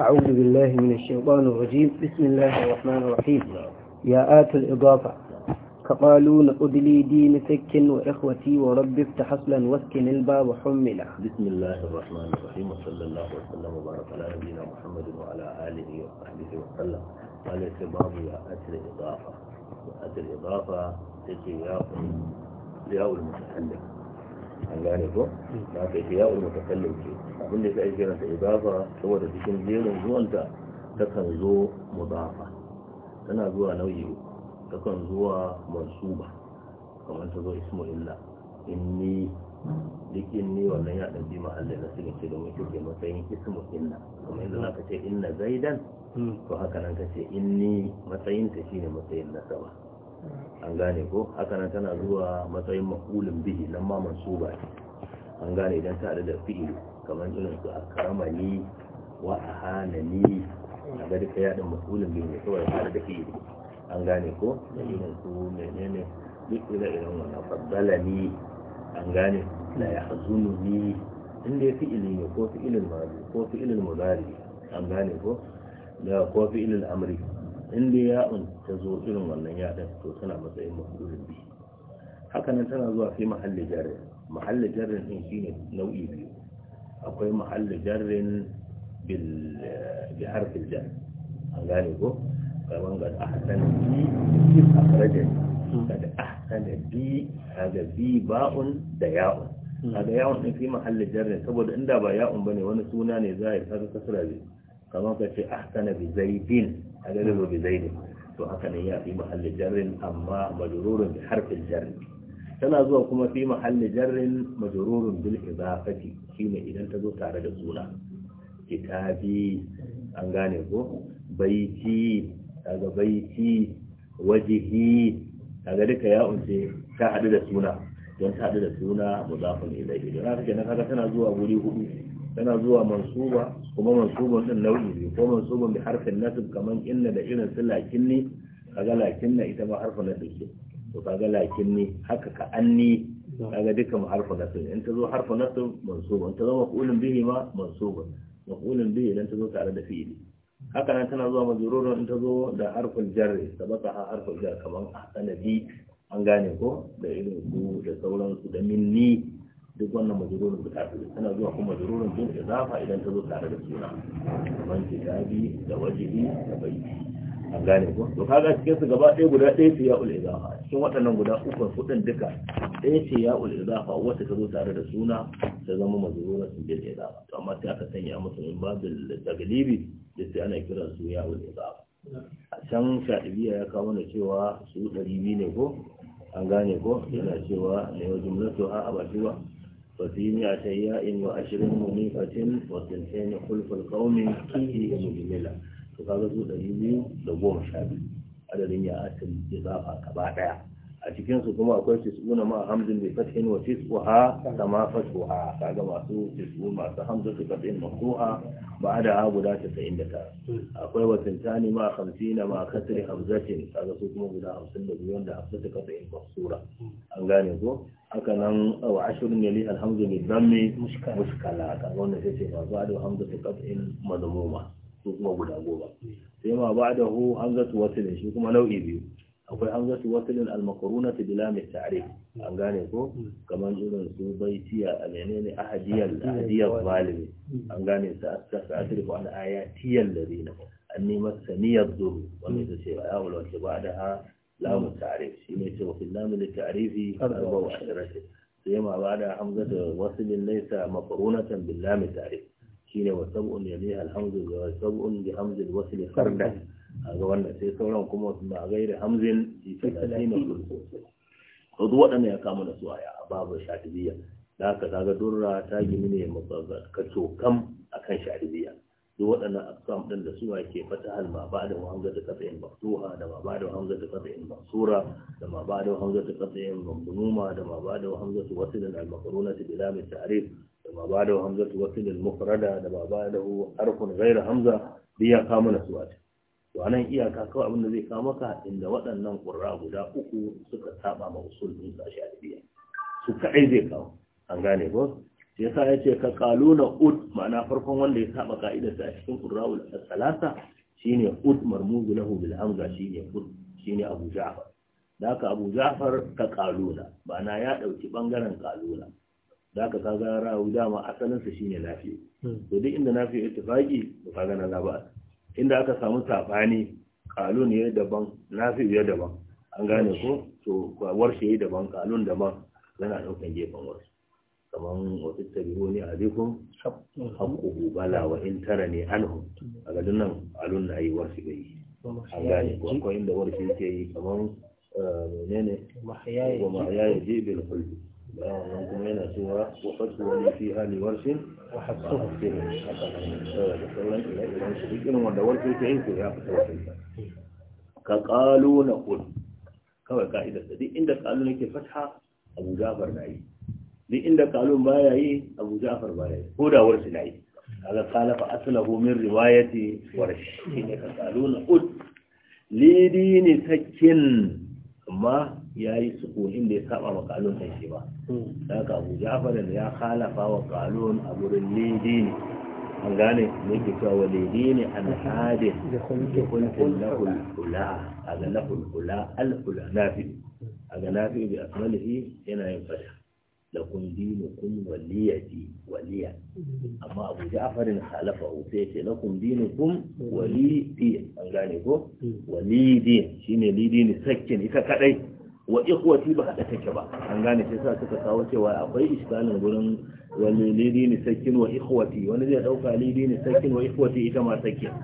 أعوذ بالله من الشيطان الرجيم بسم الله الرحمن الرحيم يا آت الإضافة فقالوا أدلي دين سك وإخوتي ورب افتح حصلا واسكن الباب حملة بسم الله الرحمن الرحيم وصلى الله وسلم وبارك على نبينا محمد وعلى آله وصحبه وسلم قال الشباب يا آت الإضافة يا آت الإضافة تجي ياء المتحدث an gane ko da ka yi ya'ul mutakallim ce abin da yake kiran ta saboda cikin jerin zuwanta takan zo mudafa tana zuwa nau'i takan zuwa mansuba kamar ta zo ismu illa inni duk inni wannan ya bi na suke ce domin kike matsayin ismu inna Kamar yanzu za ka ce inna zaidan hmm. to haka nan ka ce inni matsayin ta shine matsayin nasaba an gane ko haka nan tana zuwa matsayin makulin bihi nan ma mansuba an gane idan ta da fi'il kamar irin su akramani wa ahanani a ga duka yadin makulin bihi ne kawai ta da fi'il an gane ko da irin su menene duk ila irin wannan faddalani an gane la yahzununi inda fi'il ne ko fi'il mazi ko fi'il mudari an gane ko da ko fi'ilul amri in dai ya'un ta zo irin wannan ya ɗin to tana matsayin mafulun bi haka nan tana zuwa fi mahalli jarrin mahalli jarrin din shi ne nau'i biyu akwai mahalli jarrin bi harfin jar an gane ko kaman ga ahsan bi bi akhrajan da ahsan bi kaga bi ba'un da ya'un kaga ya'un din fi mahalli jarrin saboda inda ba ya'un bane wani suna ne za a yi kasra bi kaman ka ce ahsana bi zaidin adadin rubi zai ne to haka ne ya fi mahalli jarrin amma majururin harfin jarri tana zuwa kuma fi mahalli jarrin majururin bil izafati shine idan ta zo tare da suna kitabi an gane ko baiti daga baiti wajihi daga duka ya unce ta hadu da suna don ta hadu da suna mu zafin ilai idan aka kenan kaga tana zuwa wuri hudu tana zuwa mansuba kuma mansuban din nau'i biyu ko mansuban bi harfin nasib kaman inna da irin su lakin ne kaga lakin na ita ma harfin nasib ce to kaga lakin ne haka ka anni kaga duka mu harfin nasib in ta zo harfin nasib mansuban ta zo maf'ulun bihi ma mansuban maf'ulun bihi idan ta zo tare da fi'ili haka nan tana zuwa majrurun in ta zo da harfin jarri sabata harfin jarri kaman ahsana bi an gane ko da irin su da sauransu da minni duk wannan majururin guda biyu tana zuwa kuma majururin bin izafa idan ta zo tare da suna kamar kitabi da wajibi da bai an gane ko to kaga cikin su gaba ɗaya guda ɗaya ce ya ul izafa cikin waɗannan guda uku hudun duka ɗaya ce ya ul izafa wacce ta zo tare da suna ta zama majururin bin izafa to amma sai aka sanya musu in babil taglibi da sai ana kiran su ya ul izafa a can shaɗibiya ya kawo mana cewa su ɗari biyu ne ko an gane ko yana cewa ne wa jumlatu ha a ba وفي مئتي وعشرين منيفة وثنتين خلف القوم فيه مجملة فقال سوء دليل لقوم شابه adadin ya asali izafa gaba daya a cikinsu kuma akwai tisuna ma hamdin bi fathin wa tisbuha kama fatuha kaga masu tisbu masu hamdu bi fathin maftuha ba'da ha guda 99 akwai wasintani ma 50 ma kasri hamzatin kaga su kuma guda da an gane ko haka nan wa ashirin yali alhamdu ne damme muskala haka wanda sai ce ma ba da hamza ta kafin mazamuma su kuma guda goma sai ma ba da hu hamzatu wasilin shi kuma nau'i biyu akwai hamzatu wasilin almakaruna ta bila mai tare an gane ko kamar irin su baitiya a menene ahadiyar ahadiyar malami. an gane sa asirfa an ayatiyar ladina an nima saniyar zuru wanda ba ya wulwace ba da ha lamu hmm. ta'rif shi ne ce wa fil lamu li ta'rifi arba wa sai ma ba da hamza da hmm. wasilin laysa maqrunatan bil lamu ta'rif shine wa sab'un ne al hamzu wa sab'un bi hamzi al wasl fardan a ga wannan sai sauran kuma ma gairi hamzin ji talatin hudu waɗanda ya kama da su a babu shatibiya da aka zaga durra ta gini ne matsatsa ka cokam a kan shatibiya duk waɗannan akam ɗin da suwa ke fata halma ba da hamza ta kafin maktuha da ma ba da hamza ta kafin mansura da ma ba da hamza ta kafin mamnuma da ma ba da hamza ta wasu da al-makaruna ta bila mai tarif da ma ba da hamza ta wasu da mufrada da ma ba da harfun gaira hamza duk ya kama na suwa ce to anan iyaka kawai abin da zai kawo maka inda waɗannan ƙurra guda uku suka saba ma usul din sashi arabiya su kaɗai zai kawo an gane ko shi yasa ya ce ka kaluna ud ma'ana farkon wanda ya saba ka'idarsa a cikin qurra'ul salasa shine ud marmuzu lahu bil hamza shine ud shine abu ja'far da abu ja'far ka kaluna ma'ana ya ɗauki bangaren kaluna da ka kaga rawu dama asalin sa shine lafi hmm. to duk inda nafi ittifaqi to ka na laba inda aka samu sabani kalun ya daban nafi ya daban an gane ko to warshe ya daban kalun daban yana ɗaukan gefen wasu تمام وتتبعوني عليكم حقه بلا وإن ترني عنهم أقلنا علونا أي ورث بي وكو إن ورث يقولون تمام آه، منين ومحياي جي بالقلب آه، يقولون من سوى وحسوني فيها لورث يقولون فيه إنه ودور في الكعين يقولون رياقة ورثة كقالوا نقول كما يقولون دي عندك قالوا لك فتحة يقولون جابر نعيم duk inda kalun baya yi abu ja'far baya yi ko da na yi kaga kalafa aslahu min riwayati shi shine ka kalun ud lidini sakin amma ya yi sukunin da ya saba wa kalon kan shi ba hmm. da ka abu jafarin ya halafa wa kalon a wurin lidi ne an gane ne ke cewa wa lidi ne da na a ga na hulhula alhula na fi a ga na bi asmalihi yana yin fata lakum dinukum waliyati waliya amma abu ja'farin khalafa sai ce lakum dinukum wali di an gane ko wali din shine lidin sakin ita kadai wa ikhwati ba hada take ba an gane sai sa suka kawo cewa akwai iskalin gurin wali lidin sakin wa ikhwati wani zai dauka lidin sakin wa ikhwati ita ma sakin.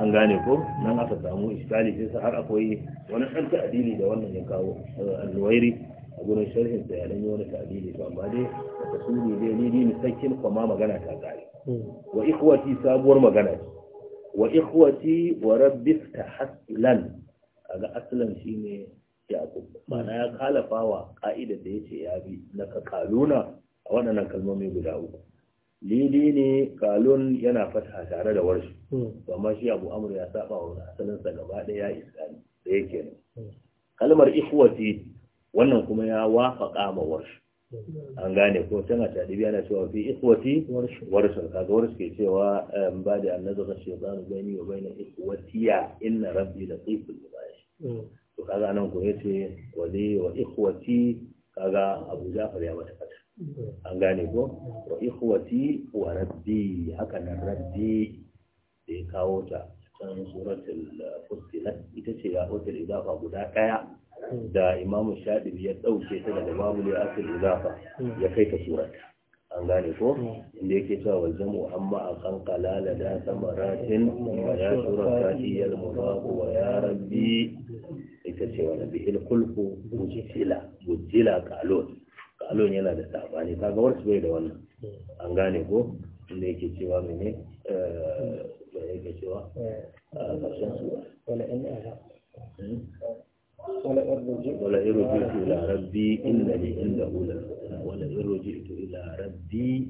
an gane ko nan aka samu iskali sai sa har akwai wani ɗan ta'adili da wannan ya kawo eh, al-wairi a gurin sharhin da yaran yi wani ta'adili to amma dai a tasiri dai ni dini sakin kuma magana ta gari wa ikwati sabuwar magana ce wa ikwati wa rabbif tahaslan aga aslan shine yaqub mana ya kalafa wa ka'idar da yace ya bi na ka kaluna a waɗannan kalmomi guda uku lili ne kalun yana fata tare da warshi amma shi abu amur ya saba wa asalinsa gaba ɗaya islami da yake hmm. kalmar ikwati wannan kuma ya wafaka ma warshi an gane ko can a tadibi na cewa fi ikwati warshi kaga warshi ke cewa ba da annazaka shaytanu baini wa baina ikhwatiya inna rabbi da libash to kaga nan ko yace wale wa ikwati kaga abu jafar ya mata kata an gane ko wa ikwati wa rabbi haka nan rabbi da ya kawo ta can suratul fusilat ita ce ya hotel idafa guda daya da imamu shaɗibi ya ɗauke ta daga mamuli asir zafa ya kai ta surata an gane ko inda yake cewa wa zamu amma a kan kalala da samaratin wa ya tura sati ya mubaku wa ya rabbi ita ce wa nabi il kulku bujila bujila kalon kalon yana da sabani ta warsu bai da wannan an gane ko inda yake cewa mene eh, yake cewa eh, a ƙarshen sura ولئن رجعت إلى ربي إنني عنده للحسنى ولئن رجعت إلى ربي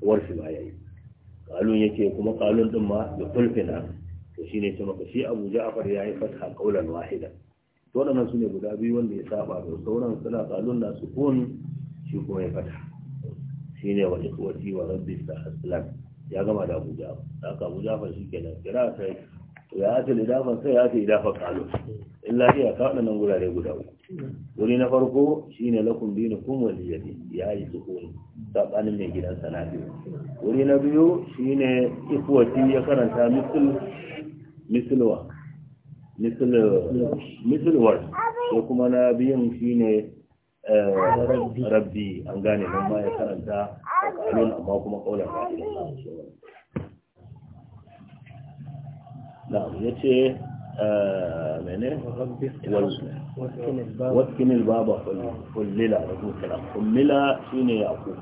warfi ba yayi kalun yake kuma kalun din ma da kulfina to shine ce maka shi Abu Ja'far yayi fatha qaulan wahida to nan sune guda biyu wanda ya saba da sauran suna kalun na sukun shi kuma ya fatha shine wa ikwati wa rabbi sahlan ya gama da Abu Ja'far haka Abu Ja'far shikenan sai ya ta ya ta idafan illa iya ka waɗannan gurare guda uku wuri na farko shine lakum dinukum waliyati ya yi sukuni sabanin mai gidan sana'i wuri na biyu shine ikwati ya karanta misul misulwa misulwar sai kuma na biyun shine eh, rabbi an gane nan ma ya karanta alun amma kuma kaular na'am yace mene waskin albaba kullila rubuta kullila shine yaqub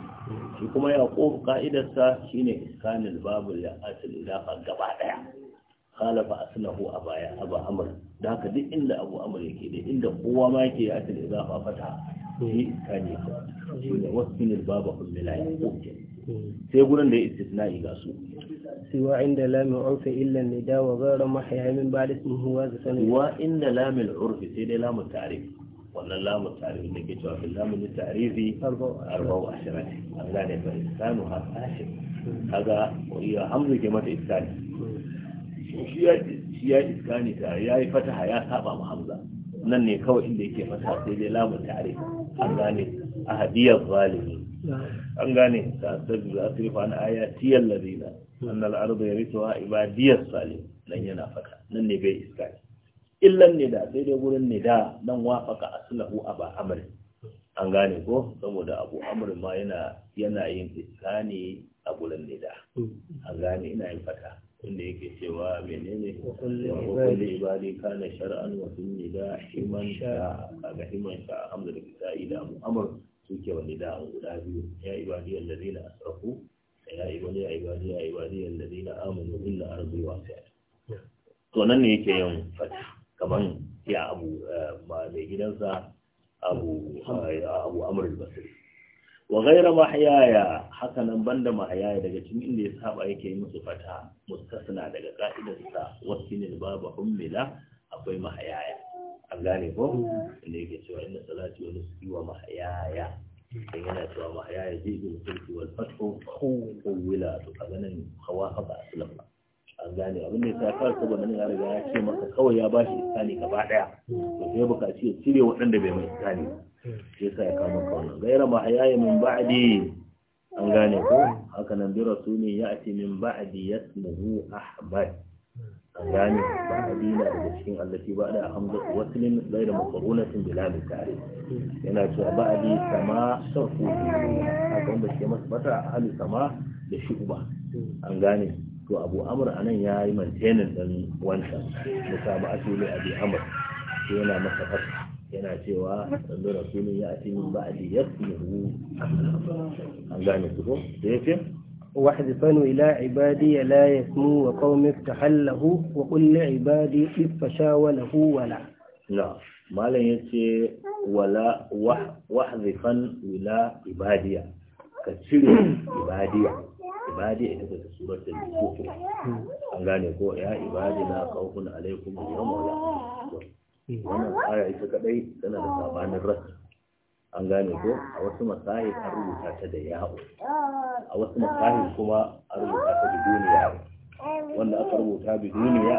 shi kuma yaqub ka'idarsa shine iskanil babu ya asil ilaha gaba daya khalafa aslahu a baya abu amr da haka duk inda abu amr yake da inda kowa ma yake asil ilaha fata shi iskani ko waskin albaba kullila yaqub sai gurin da ya istisna'i ga su siwa inda lamin urfi illa da wa ghayra mahya min ba'd ismihi wa zakan wa inda lamin urfi sai dai lamun ta'rif wannan lamun ta'rif da ke cewa fil lamun ta'rifi arba'u asharat Allah ne fa istanu ha ashir kaga wa iya hamzu ke mata istani shi ya iskani ta yayi fataha ya saba ma hamza nan ne kawai inda yake fata sai dai lamun ta'rif Allah ne ahadiyar zalimi an gane ta tabi za su na aya tiyar ladina annal arda ya rituwa ibadiyar salim nan yana faka nan ne bai iska illan ne da sai dai gurin ne da nan wafaka a ba amr an gane ko saboda abu amr ma yana yana yin iska ne a gurin ne da an gane ina yin faka inda yake cewa menene wakulli ibadi kana shar'an wa ne da himan sha kaga himan sha yi ila amur. suke wani da guda biyu ya ibadiyar na asrafu ya ibadiyar ibadiyar ibadiyar lazina amanu inna arzi wasiya to nan ne yake yin fata kamar ya abu eh, mai gidansa abu eh, abu amr basri wa ghayra mahyaya haka nan banda mahayaya daga cikin inda ya saba yake yi musu fata mustasna daga ka'idarsa wasinil babu ummila akwai mahayaya. an gane ko mm. inda yake cewa inda salati wani yi wa mahayaya in yana cewa mahayaya zai yi mutunci wal fatko wula to kaga nan hawa haka asalan ba an gane abin da ya fara saboda nan ya riga ya ce maka kawai ya bashi iskani gaba daya to sai ya buƙaci ya cire waɗanda bai mai iskani sai sa ya kama kauna gaira mahayaya min ba'di an gane ko mm. haka nan bi ya ati min ba'di yasmuhu ahmad gane ba hadina da cikin allafi ba da hamza Wasu ne waslin ghayra maqrunatin bila misali yana cewa ba a bi sama sarfu haka wanda ke masa bata ali sama da shuba an gane to abu a nan ya yi maintenance din wancan musa ba asulu abi amr yana masa fata yana cewa da rasulun ya ati min ba'di yasmihu an gane su ko da yake واحذفا إلى عبادي لا يسمو وقوم له وقل لعبادي إفشا وله ولا نعم ما لا يتي ولا واحذفا إلى عبادي كتير عبادي عبادي إنك سورة الكفر أنغاني يقول يا عبادي لا خوف عليكم اليوم ولا وانا aya ita kadai tana da sabanin rasa an gane ko a wasu masahi an rubuta ta da yawo a wasu masahi kuma an rubuta ta da duniya wanda aka rubuta da duniya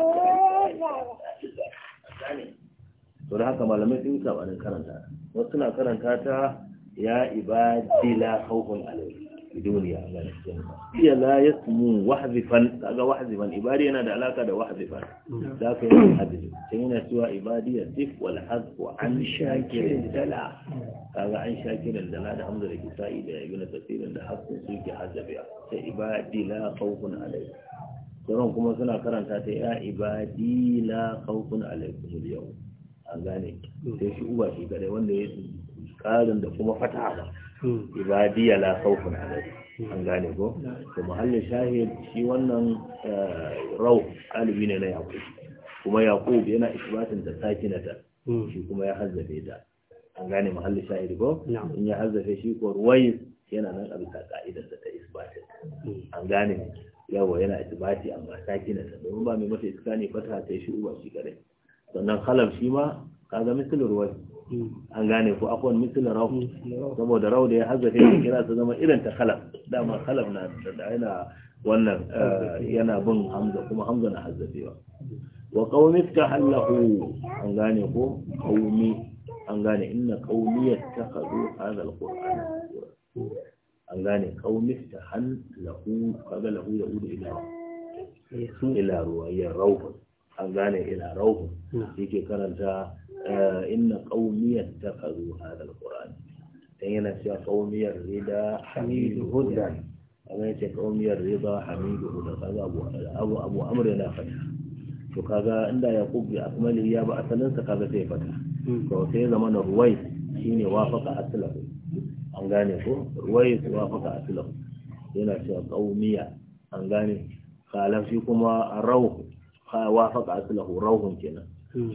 to da haka malamai sun sabanin karanta wasu na karanta ta ya ibadila khawfun alayhi biduniya Allah ya jinka iya la yasmu wahzifan kaga wahzifan ibadi yana da alaka da wahzifan da mm. ka yi hadisi sai yana cewa ibadi ya tif wal hazfu an shakirin dala kaga an shakirin dala da hamza da kisa'i da na tafsirin da hasu suke hazabiya sai ibadi la khawfun alayhi sauran kuma suna karanta ta ya ibadi la khawfun alaykum al yawm an gane mm. sai shi uba shi kadai wanda ya karin da kuma fataha ba Hmm. ibadiya la khawfun alaihi hmm. an gane ko hmm. to muhallin shahid shi wannan eh, rau alibi ne na yaqub kuma yaqub yana isbatin da sakinata shi kuma ya hazzafe ta an gane muhallin shahid ko in ya hazzafe shi ko ruwai yana nan a bisa ka'idar da ta isbatin an gane yawa yana isbati amma sakinata domin ba mai mata iska ne fata sai shi uba shi kadai sannan halaf shi ma kaga misalin ruwai an gane ko akwai misalin rahu hmm. saboda rahu da ya hazzata ya kira su zama irin ta khalaf dama khalaf na yana wannan eh, yana bin hamza kuma hamza na hazzatewa wa qaumi ta hallahu an gane ko qaumi an gane inna kazo a hadha alqur'ana an gane qaumi ta halahu kaga lahu ya udu ila ila ruwa ya rahu an gane ila rahu hmm. yake karanta inna qaumiyat takazu hadha alquran dan yana cewa qaumiyar rida hamidu hudan amma yace qaumiyar rida hamidu hudan kaga abu abu abu amr yana fata to kaga inda yaqub bi kuma ya ba asalin sa kaga sai fata to sai zaman ruwai shine wafaka aslahu an gane ko ruwai su wafaka aslahu yana cewa qaumiya an gane kalan shi kuma rawu وافق أصله روح كنا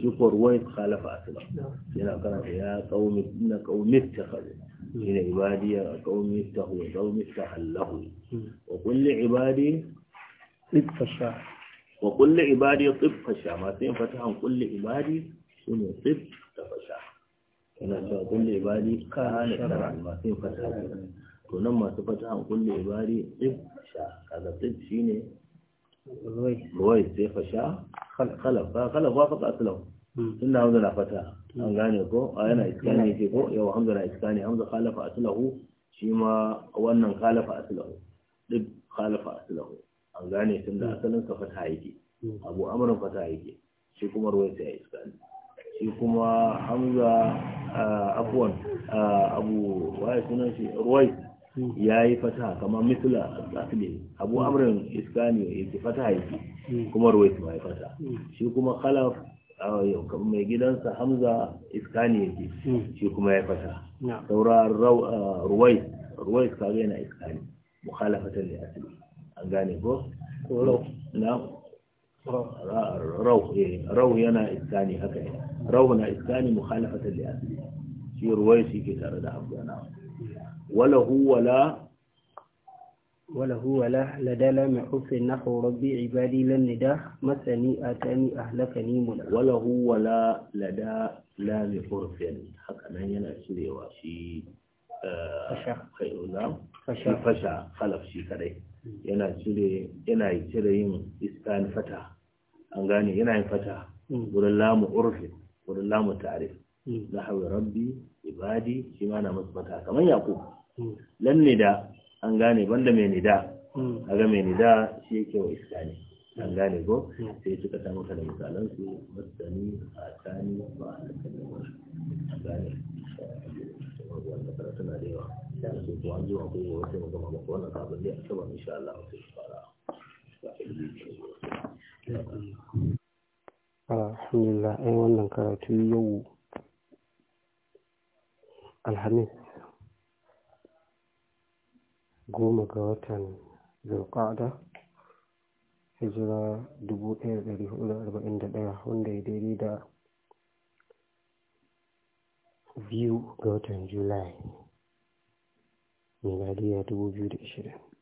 شكر وين خالف أصله هنا نعم. كان يا قوم إن قوم اتخذوا من عبادي قوم اتخذوا قوم اتخذوا وقل لعبادي طبق الشام وقل لعبادي طبق الشام ما فتحهم قل لعبادي شنو طبق الشام أنا أقول لعبادي كان ka hana tara masu fata to nan masu fata هذا kulle ibadi ruwai sai fasha khalafa khalafa faka aslahu tunda hmm. hamza na fata an hmm. gane ko a yana iska ne ke ko yau hamza na iska ne hamza khalafa aslahu shi ma wannan khalafa aslahu duk khalafa aslahu an gane tunda hmm. asalin sa fata yake abu amran fata yake shi kuma ruwai sai iska ne shi kuma hamza ah, afwan ah, abu waye sunan shi ruwai Hmm. ya yi fataha kamar misla asli abu hmm. amrin iskani yake fataha yake hmm. kuma ruwaitu ma ya fata shi kuma khalaf mai gidansa hamza iskani yake shi kuma ya fata saura ruwai ruwai kaga yana iskani mukhalafatan li asli an gane ko na eh, rau yana iskani haka ne rau na iskani mukhalafatan li asli shi ruwai shi ke tare da hamza na وله ولا وله ولا لدلا na نحو ربي عبادي لن ندا مسني آتاني أهلكني منى وله Wala لدى لا لحرف حقا ينا yana cirewa shi fasha khalaf shi kadai yana cire yana cire yin iskan fata an gane yana yin fata wurin lamu urfi wurin lamu ta'rif nahwi rabbi ibadi shi ma na musu fata kamar yaqub lan nida an gane banda mai nida hmm. kaga mai nida shi yake wa ne an hmm. gane ko hmm. sai suka samu ka da misalan su masani a tani ba a an gane wanda karatu na da yawa da su kuma an zuwa kuma wata mu gama maka wannan sabon dai a saban insha Allah sai fara alhamdulillah ai wannan karatu yau alhamis goma ga watan zulqa'da hijira da arba'in ɗaya wanda ya daidai da biyu ga watan julai miladiya 2020